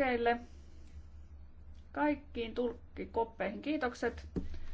tulkeille, kaikkiin tulkkikoppeihin kiitokset.